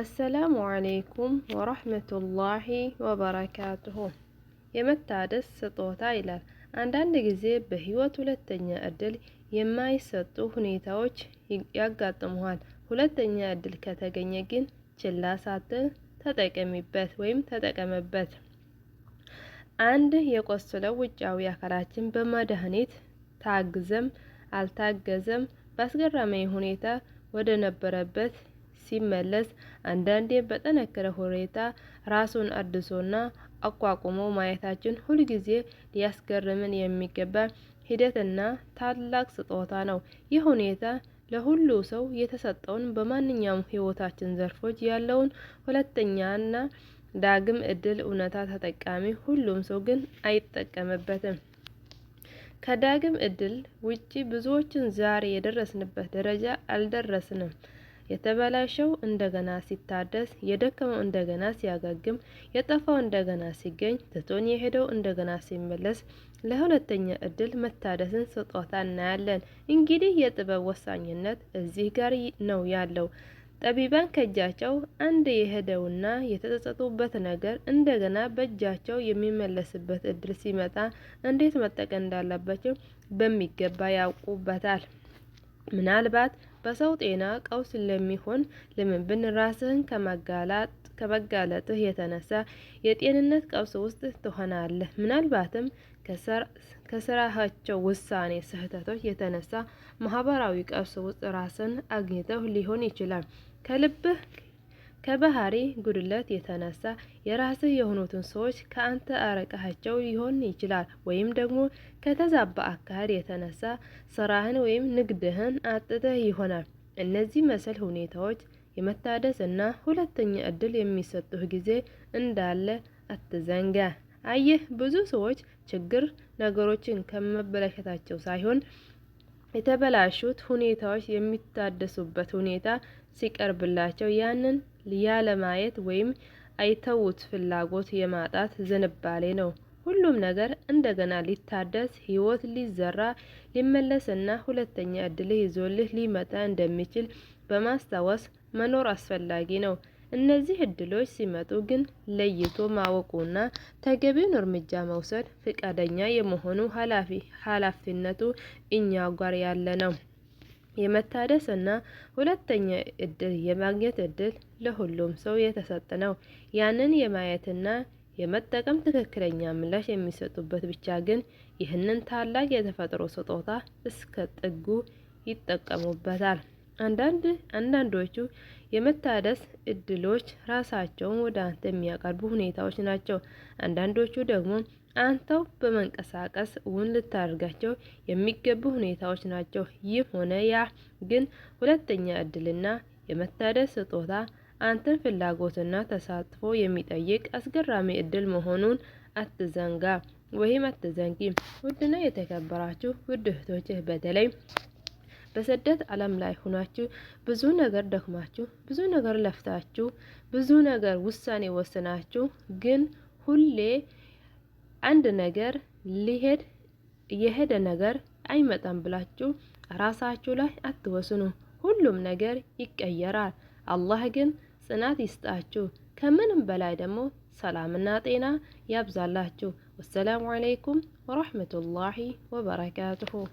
አሰላሙ አሌይኩም ወረህመቱላሂ ወበረካቱሁ። የመታደስ ስጦታ ይላል። አንዳንድ ጊዜ በህይወት ሁለተኛ እድል የማይሰጡ ሁኔታዎች ያጋጥመዋል። ሁለተኛ እድል ከተገኘ ግን ችላ ሳትል ተጠቀሚበት ወይም ተጠቀመበት። አንድ የቆሰለው ውጫዊ አካላችን በመድኃኒት ታግዘም አልታገዘም በአስገራሚ ሁኔታ ወደ ነበረበት ሲመለስ አንዳንዴ በጠነከረ ሁኔታ ራሱን አድሶና አቋቁሞ ማየታችን ሁልጊዜ ሊያስገርምን የሚገባ ሂደትና ታላቅ ስጦታ ነው። ይህ ሁኔታ ለሁሉ ሰው የተሰጠውን በማንኛውም ህይወታችን ዘርፎች ያለውን ሁለተኛና ዳግም እድል እውነታ ተጠቃሚ ሁሉም ሰው ግን አይጠቀምበትም። ከዳግም እድል ውጪ ብዙዎችን ዛሬ የደረስንበት ደረጃ አልደረስንም። የተበላሸው እንደገና ሲታደስ፣ የደከመው እንደገና ሲያገግም፣ የጠፋው እንደገና ሲገኝ፣ ትቶን የሄደው እንደገና ሲመለስ፣ ለሁለተኛ እድል መታደስን ስጦታ እናያለን። እንግዲህ የጥበብ ወሳኝነት እዚህ ጋር ነው ያለው። ጠቢባን ከእጃቸው አንድ የሄደውና የተጸጸቱበት ነገር እንደገና በእጃቸው የሚመለስበት እድል ሲመጣ እንዴት መጠቀም እንዳለባቸው በሚገባ ያውቁበታል። ምናልባት በሰው ጤና ቀውስ ለሚሆን ልምብን ራስህን ከማጋላጥ ከመጋለጥህ የተነሳ የጤንነት ቀውስ ውስጥ ትሆናለህ። ምናልባትም ከስራቸው ውሳኔ ስህተቶች የተነሳ ማህበራዊ ቀውስ ውስጥ ራስን አግኝተው ሊሆን ይችላል። ከልብህ ከባህሪ ጉድለት የተነሳ የራስህ የሆኑትን ሰዎች ከአንተ አረቀሃቸው ሊሆን ይችላል ወይም ደግሞ ከተዛባ አካሄድ የተነሳ ስራህን ወይም ንግድህን አጥተህ ይሆናል። እነዚህ መሰል ሁኔታዎች የመታደስ እና ሁለተኛ እድል የሚሰጡህ ጊዜ እንዳለ አትዘንጋ። አየህ ብዙ ሰዎች ችግር ነገሮችን ከመበላሸታቸው ሳይሆን የተበላሹት ሁኔታዎች የሚታደሱበት ሁኔታ ሲቀርብላቸው ያንን ያለማየት ወይም አይተውት ፍላጎት የማጣት ዝንባሌ ነው። ሁሉም ነገር እንደገና ሊታደስ፣ ህይወት ሊዘራ፣ ሊመለስና ሁለተኛ እድልህ ይዞልህ ሊመጣ እንደሚችል በማስታወስ መኖር አስፈላጊ ነው። እነዚህ እድሎች ሲመጡ ግን ለይቶ ማወቁና ተገቢውን እርምጃ መውሰድ ፍቃደኛ የመሆኑ ኃላፊነቱ እኛ ጋር ያለ ነው። የመታደስ እና ሁለተኛ እድል የማግኘት እድል ለሁሉም ሰው የተሰጠ ነው። ያንን የማየትና የመጠቀም ትክክለኛ ምላሽ የሚሰጡበት ብቻ ግን ይህንን ታላቅ የተፈጥሮ ስጦታ እስከ ጥጉ ይጠቀሙበታል። አንዳንድ አንዳንዶቹ የመታደስ እድሎች ራሳቸውን ወደ አንተ የሚያቀርቡ ሁኔታዎች ናቸው። አንዳንዶቹ ደግሞ አንተው በመንቀሳቀስ እውን ልታደርጋቸው የሚገቡ ሁኔታዎች ናቸው። ይህ ሆነ ያ ግን ሁለተኛ እድልና የመታደስ ስጦታ አንተን ፍላጎትና ተሳትፎ የሚጠይቅ አስገራሚ እድል መሆኑን አትዘንጋ ወይም አትዘንጊ። ውድና የተከበራችሁ ውድ እህቶችህ በተለይ በስደት ዓለም ላይ ሁናችሁ ብዙ ነገር ደክማችሁ፣ ብዙ ነገር ለፍታችሁ፣ ብዙ ነገር ውሳኔ ወስናችሁ ግን ሁሌ አንድ ነገር ሊሄድ የሄደ ነገር አይመጣም ብላችሁ ራሳችሁ ላይ አትወስኑ። ሁሉም ነገር ይቀየራል። አላህ ግን ጽናት ይስጣችሁ፣ ከምንም በላይ ደግሞ ሰላምና ጤና ያብዛላችሁ። ወሰላሙ አለይኩም ወረህመቱላሂ ወበረካቱሁ።